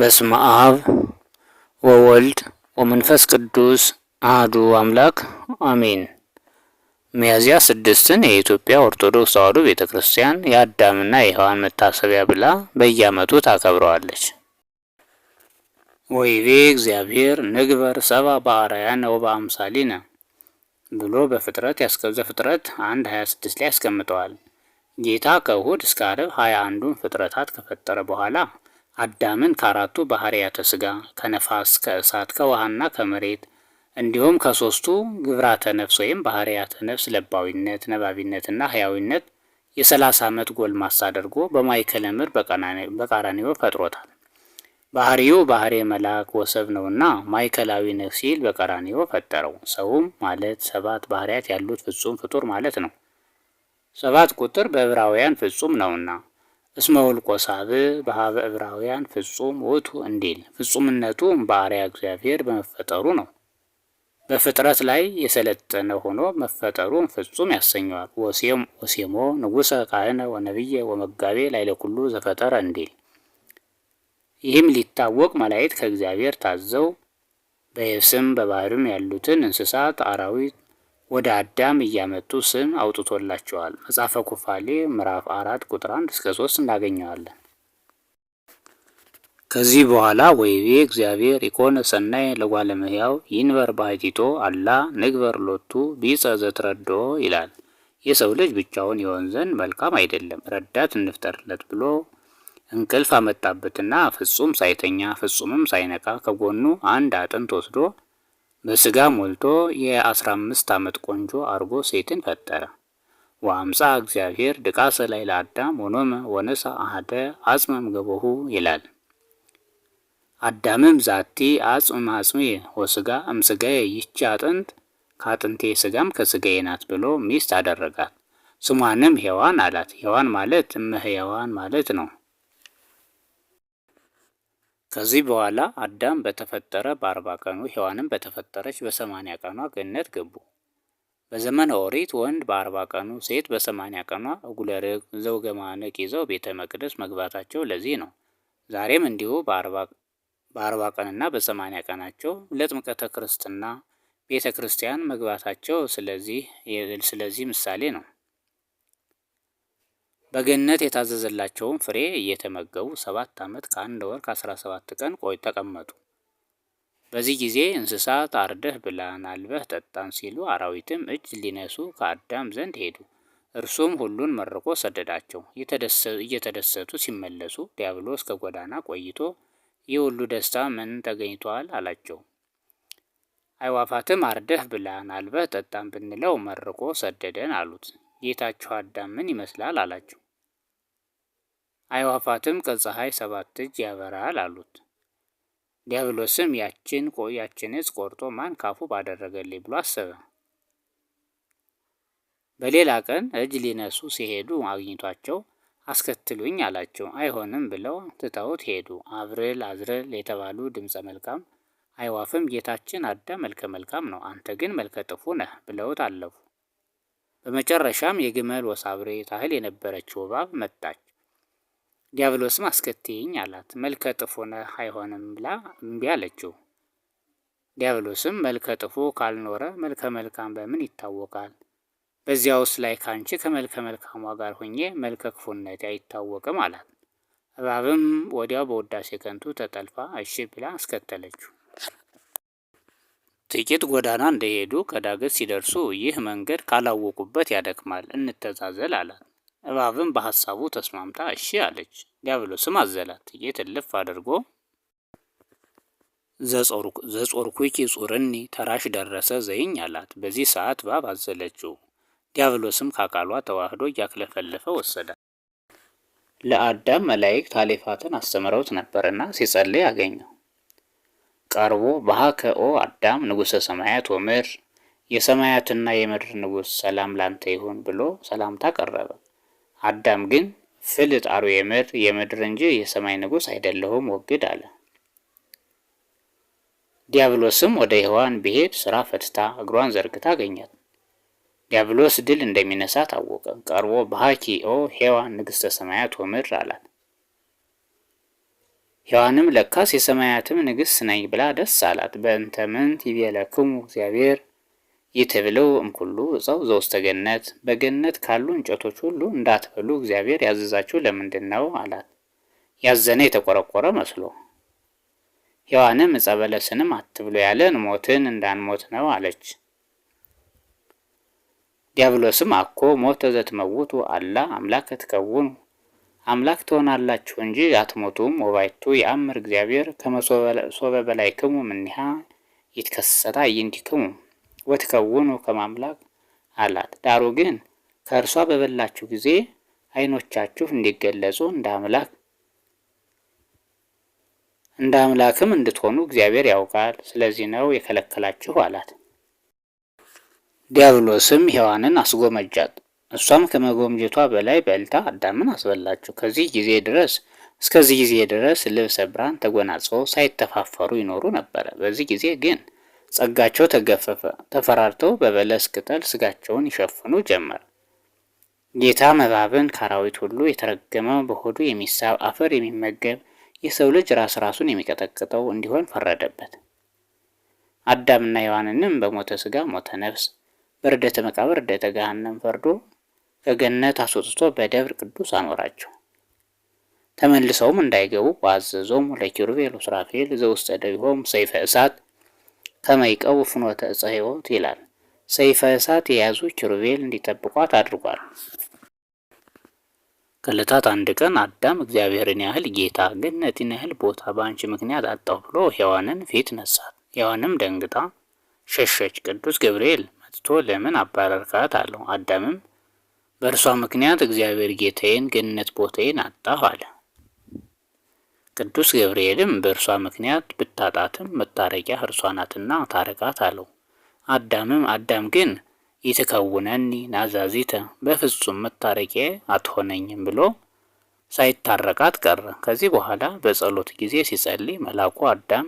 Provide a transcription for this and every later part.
በስመ አብ ወወልድ ወመንፈስ ቅዱስ አህዱ አምላክ አሜን። ሚያዝያ ስድስትን የኢትዮጵያ ኦርቶዶክስ ተዋሕዶ ቤተ ክርስቲያን የአዳምና የሔዋን መታሰቢያ ብላ በየዓመቱ ታከብረዋለች። ወይቤ እግዚአብሔር ንግበር ሰብአ በአርአያነ ወበአምሳሊነ ብሎ በፍጥረት ያስከዘ ፍጥረት አንድ 26 ላይ ያስቀምጠዋል። ጌታ ከእሁድ እስከ ዓርብ 21ዱን ፍጥረታት ከፈጠረ በኋላ አዳምን ከአራቱ ባህርያተ ስጋ ከነፋስ፣ ከእሳት፣ ከውሃና ከመሬት እንዲሁም ከሶስቱ ግብራተ ነፍስ ወይም ባህርያተ ነፍስ ለባዊነት፣ ነባቢነትና ህያዊነት የሰላሳ ዓመት ጎልማሳ አድርጎ በማይከለ ምር በቃራኒዮ ፈጥሮታል። ባህሪው ባህሬ መልአክ ወሰብ ነውና ማዕከላዊ ነው ሲል በቀራኒዮ ፈጠረው። ሰውም ማለት ሰባት ባህሪያት ያሉት ፍጹም ፍጡር ማለት ነው። ሰባት ቁጥር በዕብራውያን ፍጹም ነውና እስመ ቆሳብ ሳብ በሀበ ዕብራውያን ፍጹም ውእቱ እንዲል ፍጹምነቱ በአርያ እግዚአብሔር በመፈጠሩ ነው። በፍጥረት ላይ የሰለጠነ ሆኖ መፈጠሩን ፍጹም ያሰኘዋል። ወሴሞ ንጉሰ ካህነ ወነብየ ወመጋቤ ላይ ለኩሉ ዘፈጠረ እንዲል ይህም ሊታወቅ መላእክት ከእግዚአብሔር ታዘው በየብስም በባህርም ያሉትን እንስሳት፣ አራዊት፣ ወደ አዳም እያመጡ ስም አውጥቶላቸዋል። መጽሐፈ ኩፋሌ ምዕራፍ አራት ቁጥር አንድ እስከ ሶስት እናገኘዋለን። ከዚህ በኋላ ወይቤ እግዚአብሔር ኢኮን ሰናይ ለጓለመህያው ይንበር ባሕቲቶ አላ ንግበር ሎቱ ቢጸ ዘትረዶ ይላል። የሰው ልጅ ብቻውን የሆን ዘንድ መልካም አይደለም፣ ረዳት እንፍጠርለት ብሎ እንቅልፍ አመጣበትና ፍጹም ሳይተኛ ፍጹምም ሳይነቃ ከጎኑ አንድ አጥንት ወስዶ በስጋ ሞልቶ የ15 ዓመት ቆንጆ አርጎ ሴትን ፈጠረ። ወአምጻ እግዚአብሔር ድቃሰ ላይ ለአዳም ወኖመ ወነሳ አሐደ አጽመም ገቦሁ ይላል። አዳምም ዛቲ አጽም አጽሜ ወስጋ እምስጋዬ ይህች አጥንት ከአጥንቴ ስጋም ከስጋዬ ናት ብሎ ሚስት አደረጋት። ስሟንም ሔዋን አላት። ሔዋን ማለት እመ ሕያዋን ማለት ነው። ከዚህ በኋላ አዳም በተፈጠረ በአርባ ቀኑ ሔዋንም በተፈጠረች በሰማኒያ ቀኗ ገነት ገቡ። በዘመነ ኦሪት ወንድ በአርባ ቀኑ ሴት በሰማኒያ ቀኗ እጉለ ርግብ ዘውገ ይዘው ቤተ መቅደስ መግባታቸው ለዚህ ነው። ዛሬም እንዲሁ በአርባ ቀንና በሰማኒያ ቀናቸው ለጥምቀተ ክርስትና ቤተ ክርስቲያን መግባታቸው ስለዚህ ምሳሌ ነው። በገነት የታዘዘላቸውን ፍሬ እየተመገቡ ሰባት ዓመት ከአንድ ወር ከአስራ ሰባት ቀን ቆይ ተቀመጡ። በዚህ ጊዜ እንስሳት አርደህ ብላን፣ አልበህ ጠጣን ሲሉ አራዊትም እጅ ሊነሱ ከአዳም ዘንድ ሄዱ። እርሱም ሁሉን መርቆ ሰደዳቸው። እየተደሰቱ ሲመለሱ ዲያብሎስ ከጎዳና ቆይቶ ይህ ሁሉ ደስታ ምን ተገኝቷል? አላቸው። አይዋፋትም አርደህ ብላን፣ አልበህ ጠጣን ብንለው መርቆ ሰደደን አሉት። ጌታችሁ አዳም ምን ይመስላል አላቸው። አይዋፋትም ከፀሐይ ሰባት እጅ ያበራል አሉት። ዲያብሎስም ያችን ያችን ቆርጦ ማን ካፉ ባደረገልኝ ብሎ አሰበ። በሌላ ቀን እጅ ሊነሱ ሲሄዱ አግኝቷቸው አስከትሉኝ አላቸው። አይሆንም ብለው ትተውት ሄዱ። አብርል አዝርል የተባሉ ድምፀ መልካም አይዋፍም ጌታችን አዳም መልከ መልካም ነው፣ አንተ ግን መልከ ጥፉ ነህ ብለውት አለፉ። በመጨረሻም የግመል ወሳብሬ ታህል የነበረችው እባብ መጣች። ዲያብሎስም አስከትይኝ አላት። መልከ ጥፎ ነህ አይሆንም ብላ እምቢ አለችው። ዲያብሎስም መልከ ጥፎ ካልኖረ መልከ መልካም በምን ይታወቃል? በዚያ ውስጥ ላይ ካንቺ ከመልከ መልካሟ ጋር ሆኜ መልከ ክፉነት አይታወቅም አላት። እባብም ወዲያው በውዳሴ ከንቱ ተጠልፋ እሺ ብላ አስከተለችው። ጥቂት ጎዳና እንደሄዱ ከዳገት ሲደርሱ ይህ መንገድ ካላወቁበት ያደክማል፣ እንተዛዘል አላት። እባብም በሀሳቡ ተስማምታ እሺ አለች። ዲያብሎስም አዘላት። ጥቂት እልፍ አድርጎ ዘጾርኩኪ ጹርኒ ተራሽ ደረሰ ዘይኝ አላት። በዚህ ሰዓት እባብ አዘለችው። ዲያብሎስም ከአካሏ ተዋህዶ እያክለፈለፈ ወሰዳት። ለአዳም መላእክት አሌፋትን አስተምረውት ነበርና ሲጸልይ አገኘው። ቀርቦ በሀከኦ አዳም ንጉሰ ሰማያት ወምር የሰማያትና የምድር ንጉስ ሰላም ላንተ ይሁን ብሎ ሰላምታ ቀረበ። አዳም ግን ፍልጥ አሩ የምር የምድር እንጂ የሰማይ ንጉስ አይደለሁም ወግድ አለ። ዲያብሎስም ወደ ሔዋን ቢሄድ ስራ ፈትታ እግሯን ዘርግታ አገኛት። ዲያብሎስ ድል እንደሚነሳ ታወቀ። ቀርቦ በሀኪኦ ሔዋን ንግሥተ ሰማያት ወምር አላት። ሔዋንም ለካስ የሰማያትም ንግሥት ነኝ ብላ ደስ አላት። በእንተ ምንት ይቤለክሙ እግዚአብሔር ይትብልው እምኩሉ እፀው ዘውስተ ገነት፣ በገነት ካሉ እንጨቶች ሁሉ እንዳትበሉ እግዚአብሔር ያዘዛችሁ ለምንድን ነው አላት። ያዘነ የተቆረቆረ መስሎ ሔዋንም ዕፀ በለስንም አትብሎ ያለን ሞትን እንዳንሞት ነው አለች። ዲያብሎስም አኮ ሞተ ዘትመውቱ አላ አምላክ ትከውኑ አምላክ ትሆናላችሁ እንጂ አትሞቱም። ወባይቱ የአምር እግዚአብሔር ከመሶበ በላዕክሙ እምኔሃ ይትከሰታ አዕይንቲክሙ ወትከውኑ ከማምላክ አላት። ዳሩ ግን ከእርሷ በበላችሁ ጊዜ አይኖቻችሁ እንዲገለጹ እንደ አምላክ እንደ አምላክም እንድትሆኑ እግዚአብሔር ያውቃል፣ ስለዚህ ነው የከለከላችሁ አላት። ዲያብሎስም ሔዋንን አስጎመጃት። እሷም ከመጎምጀቷ በላይ በልታ አዳምን አስበላችሁ ከዚህ ጊዜ ድረስ እስከዚህ ጊዜ ድረስ ልብሰ ብርሃን ተጎናጽፈው ሳይተፋፈሩ ይኖሩ ነበረ። በዚህ ጊዜ ግን ጸጋቸው ተገፈፈ። ተፈራርተው በበለስ ቅጠል ስጋቸውን ይሸፍኑ ጀመር። ጌታ መባብን ከአራዊት ሁሉ የተረገመ በሆዱ የሚሳብ አፈር የሚመገብ የሰው ልጅ ራስ ራሱን የሚቀጠቅጠው እንዲሆን ፈረደበት። አዳምና ሔዋንንም በሞተ ስጋ ሞተ ነፍስ በርደተ መቃብር ርደተ ገሃነም ፈርዶ ከገነት አስወጥቶ በደብር ቅዱስ አኖራቸው። ተመልሰውም እንዳይገቡ ወአዘዞሙ ለኪሩቤል ወሱራፌል ዘውስተ ደቢሆም ሰይፈ እሳት ከመይቀው ፍኖተ ዕፀ ሕይወት ይላል። ሰይፈ እሳት የያዙ ኪሩቤል እንዲጠብቋት አድርጓል። ከዕለታት አንድ ቀን አዳም እግዚአብሔርን ያህል ጌታ ገነትን ያህል ቦታ በአንቺ ምክንያት አጣው ብሎ ሔዋንን ፊት ነሳት። ሔዋንም ደንግጣ ሸሸች። ቅዱስ ገብርኤል መጥቶ ለምን አባረርካት አለው። አዳምም በእርሷ ምክንያት እግዚአብሔር ጌታዬን ገነት ቦታዬን አጣሁ አለ። ቅዱስ ገብርኤልም በእርሷ ምክንያት ብታጣትም መታረቂያ እርሷ ናትና ታረቃት አለው። አዳምም አዳም ግን ይትከውነኒ ናዛዚተ በፍጹም መታረቂያ አትሆነኝም ብሎ ሳይታረቃት ቀረ። ከዚህ በኋላ በጸሎት ጊዜ ሲጸልይ መላኩ አዳም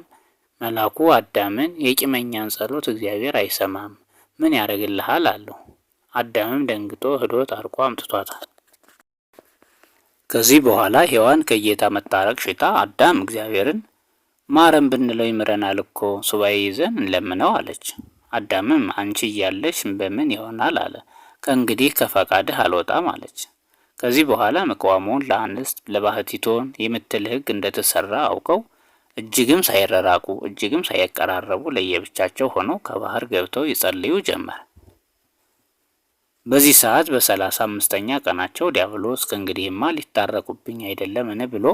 መላኩ አዳምን የቂመኛን ጸሎት እግዚአብሔር አይሰማም ምን ያደርግልሃል? አለው። አዳምም ደንግጦ ህዶት ታርቆ አምጥቷታል። ከዚህ በኋላ ሔዋን ከጌታ መታረቅ ሽታ አዳም እግዚአብሔርን ማረም ብንለው ይምረናል እኮ ሱባኤ ይዘን እንለምነው አለች። አዳምም አንቺ እያለሽ በምን ይሆናል አለ። ከእንግዲህ ከፈቃድህ አልወጣም አለች። ከዚህ በኋላ መቃወሙን ለአንስት ለባህቲቶን የምትል ህግ እንደተሰራ አውቀው እጅግም ሳይረራቁ እጅግም ሳይቀራረቡ ለየብቻቸው ሆነው ከባህር ገብተው ይጸልዩ ጀመር። በዚህ ሰዓት በሰላሳ አምስተኛ ቀናቸው ዲያብሎስ ከእንግዲህማ ሊታረቁብኝ አይደለምን ብሎ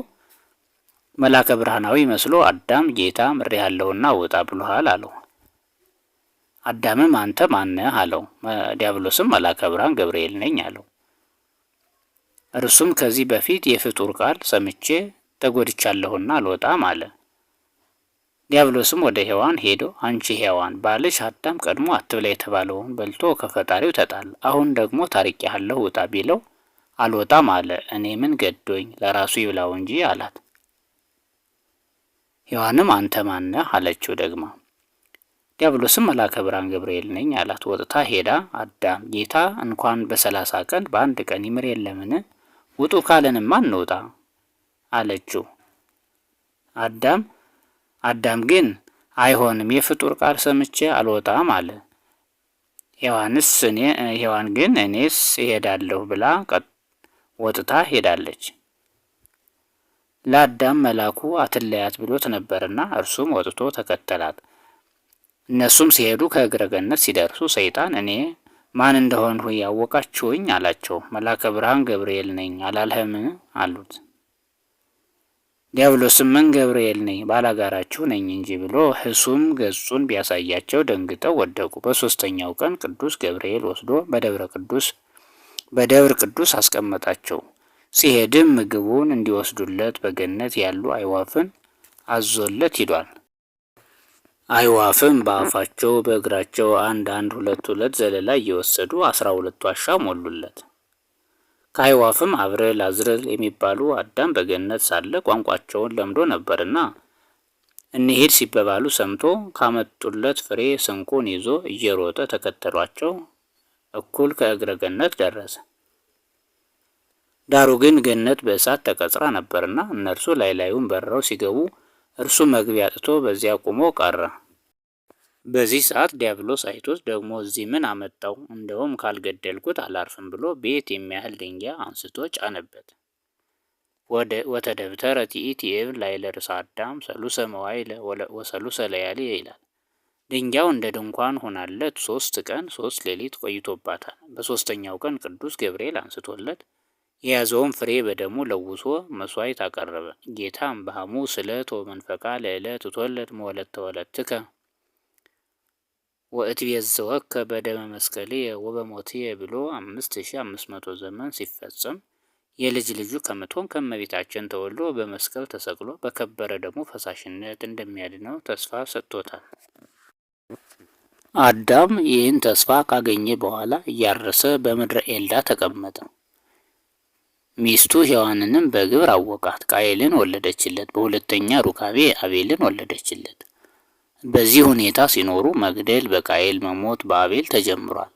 መላከ ብርሃናዊ መስሎ አዳም ጌታ ምሬሃለሁና ውጣ ብሎሃል አለው። አዳምም አንተ ማነህ አለው። ዲያብሎስም መላከ ብርሃን ገብርኤል ነኝ አለው። እርሱም ከዚህ በፊት የፍጡር ቃል ሰምቼ ተጎድቻለሁና አልወጣም አለ። ዲያብሎስም ወደ ሔዋን ሄዶ አንቺ ሔዋን ባልሽ አዳም ቀድሞ አትብላ የተባለውን በልቶ ከፈጣሪው ተጣል፣ አሁን ደግሞ ታርቄሃለሁ ውጣ ቢለው አልወጣም አለ። እኔ ምን ገዶኝ ለራሱ ይብላው እንጂ አላት። ሔዋንም አንተ ማነህ አለችው ደግማ። ዲያብሎስም መላከ ብርሃን ገብርኤል ነኝ አላት። ወጥታ ሄዳ አዳም ጌታ እንኳን በሰላሳ ቀን በአንድ ቀን ይምር የለምን? ውጡ ካለንማ እንውጣ አለችው። አዳም አዳም ግን አይሆንም የፍጡር ቃል ሰምቼ አልወጣም አለ። ሔዋንስ እኔ ሔዋን ግን እኔስ እሄዳለሁ ብላ ወጥታ ሄዳለች። ለአዳም መላኩ አትለያት ብሎት ነበርና እርሱም ወጥቶ ተከተላት። እነሱም ሲሄዱ ከእግረ ገነት ሲደርሱ ሰይጣን እኔ ማን እንደሆንሁ ያወቃችሁኝ አላቸው። መልአከ ብርሃን ገብርኤል ነኝ አላልህም አሉት። ዲያብሎስም ምን ገብርኤል ነኝ ባላጋራችሁ ነኝ እንጂ ብሎ ህሱም ገጹን ቢያሳያቸው ደንግጠው ወደቁ። በሶስተኛው ቀን ቅዱስ ገብርኤል ወስዶ በደብረ ቅዱስ በደብር ቅዱስ አስቀመጣቸው። ሲሄድም ምግቡን እንዲወስዱለት በገነት ያሉ አይዋፍን አዞለት ሂዷል። አይዋፍም በአፋቸው በእግራቸው አንድ አንድ ሁለት ሁለት ዘለላ እየወሰዱ አስራ ሁለቱ ዋሻ ሞሉለት። ከአይዋፍም አብርል አዝርል የሚባሉ አዳም በገነት ሳለ ቋንቋቸውን ለምዶ ነበርና እኒሄድ ሲበባሉ ሰምቶ ካመጡለት ፍሬ ስንቁን ይዞ እየሮጠ ተከተሏቸው። እኩል ከእግረ ገነት ደረሰ። ዳሩ ግን ገነት በእሳት ተቀጥራ ነበርና እነርሱ ላይ ላዩን በረው ሲገቡ እርሱ መግቢያ አጥቶ በዚያ ቆሞ ቀረ። በዚህ ሰዓት ዲያብሎስ አይቶት ደግሞ እዚህ ምን አመጣው? እንደውም ካልገደልኩት አላርፍም ብሎ ቤት የሚያህል ድንጋይ አንስቶ ጫነበት። ወተደብተረ ትኢት የብል ላይ ለርዕሰ አዳም ሰሉሰ መዋይ ወሰሉሰ ለያሊ ይላል። ድንጋዩ እንደ ድንኳን ሆናለት ሶስት ቀን ሶስት ሌሊት ቆይቶባታል። በሶስተኛው ቀን ቅዱስ ገብርኤል አንስቶለት የያዘውን ፍሬ በደሙ ለውሶ መስዋዕት አቀረበ። ጌታም በሐሙስ ዕለት ወመንፈቃ ለዕለት መወለት መወለተ ትከ ወእትቤዘወከ በደመ መስቀልየ ወበሞትየ ብሎ አምስት ሺ አምስት መቶ ዘመን ሲፈጸም የልጅ ልጁ ከምትሆን ከመቤታችን ተወልዶ በመስቀል ተሰቅሎ በከበረ ደግሞ ፈሳሽነት እንደሚያድነው ተስፋ ሰጥቶታል። አዳም ይህን ተስፋ ካገኘ በኋላ እያረሰ በምድረ ኤልዳ ተቀመጠ። ሚስቱ ሔዋንንም በግብር አወቃት። ቃየልን ወለደችለት። በሁለተኛ ሩካቤ አቤልን ወለደችለት። በዚህ ሁኔታ ሲኖሩ መግደል በቃኤል መሞት በአቤል ተጀምሯል።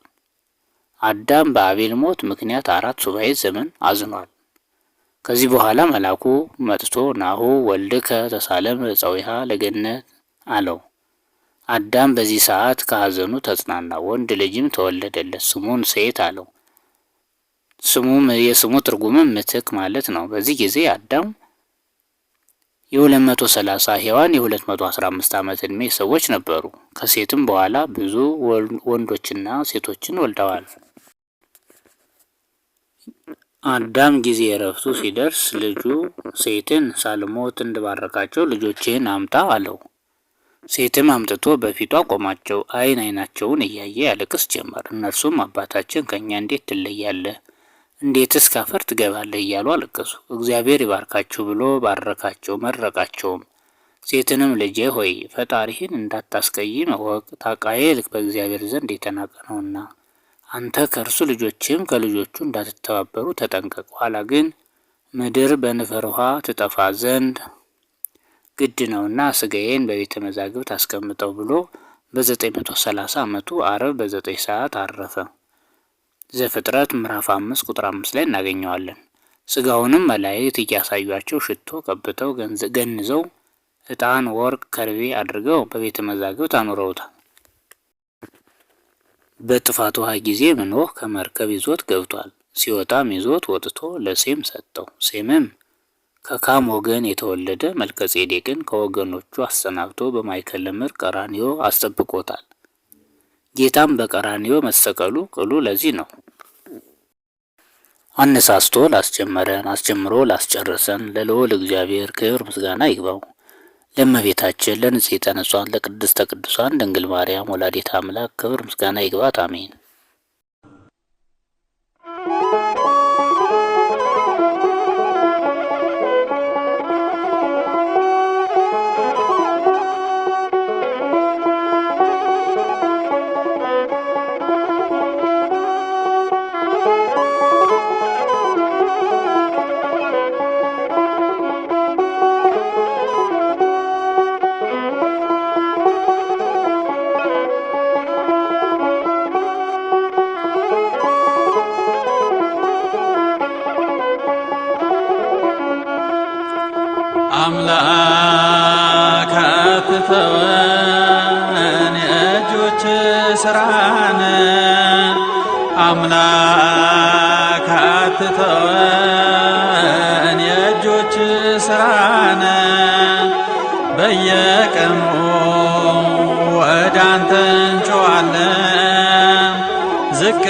አዳም በአቤል ሞት ምክንያት አራት ሱባኤ ዘመን አዝኗል። ከዚህ በኋላ መልአኩ መጥቶ ናሁ ወልድከ ተሳለም ዕፀዊሃ ለገነት አለው። አዳም በዚህ ሰዓት ከሐዘኑ ተጽናና፣ ወንድ ልጅም ተወለደለት፣ ስሙን ሴት አለው። ስሙም የስሙ ትርጉምም ምትክ ማለት ነው። በዚህ ጊዜ አዳም የ230 ሔዋን የ215 ዓመት ዕድሜ ሰዎች ነበሩ። ከሴትም በኋላ ብዙ ወንዶችና ሴቶችን ወልደዋል። አዳም ጊዜ እረፍቱ ሲደርስ ልጁ ሴትን ሳልሞት እንድባረካቸው ልጆችህን አምጣ አለው። ሴትም አምጥቶ በፊቱ አቆማቸው። አይን አይናቸውን እያየ ያለቅስ ጀመር። እነርሱም አባታችን ከእኛ እንዴት ትለያለህ? እንዴትስ ካፈር ትገባለህ እያሉ አለቀሱ። እግዚአብሔር ይባርካችሁ ብሎ ባረካቸው መረቃቸውም። ሴትንም ልጄ ሆይ ፈጣሪህን እንዳታስቀይም እወቅ፣ ታቃዬ ልክ በእግዚአብሔር ዘንድ የተናቀ ነውና አንተ ከእርሱ ልጆችም ከልጆቹ እንዳትተባበሩ ተጠንቀቅ። ኋላ ግን ምድር በንፈር ውሃ ትጠፋ ዘንድ ግድ ነውና ስጋዬን በቤተ መዛግብት አስቀምጠው ብሎ በ930 ዓመቱ አረብ በ9 ሰዓት አረፈ። ዘፍጥረት ምዕራፍ አምስት ቁጥር አምስት ላይ እናገኘዋለን። ስጋውንም መላእክት እያሳዩአቸው ሽቶ ቀብተው ገንዘው እጣን ወርቅ፣ ከርቤ አድርገው በቤተ መዛግብት አኑረውታል። በጥፋት ውሃ ጊዜ ኖህ ከመርከብ ይዞት ገብቷል። ሲወጣም ይዞት ወጥቶ ለሴም ሰጠው። ሴምም ከካም ወገን የተወለደ መልከጼዴቅን ከወገኖቹ አሰናብቶ በማይከል ምር ቀራኒዮ አስጠብቆታል። ጌታም በቀራኒዮ መሰቀሉ ቅሉ ለዚህ ነው። አነሳስቶ ላስጀመረን አስጀምሮ ላስጨረሰን ለልዑል እግዚአብሔር ክብር ምስጋና ይግባው። ለእመቤታችን ለንጽሕተ ንጹሐን ለቅድስተ ቅዱሳን ድንግል ማርያም ወላዲተ አምላክ ክብር ምስጋና ይግባት። አሜን። አንቺ ስራነ አምላክ አትተወን የእጆች ስራነ በየቀኑ ወዳንተ እንጮዋለን ዝቅ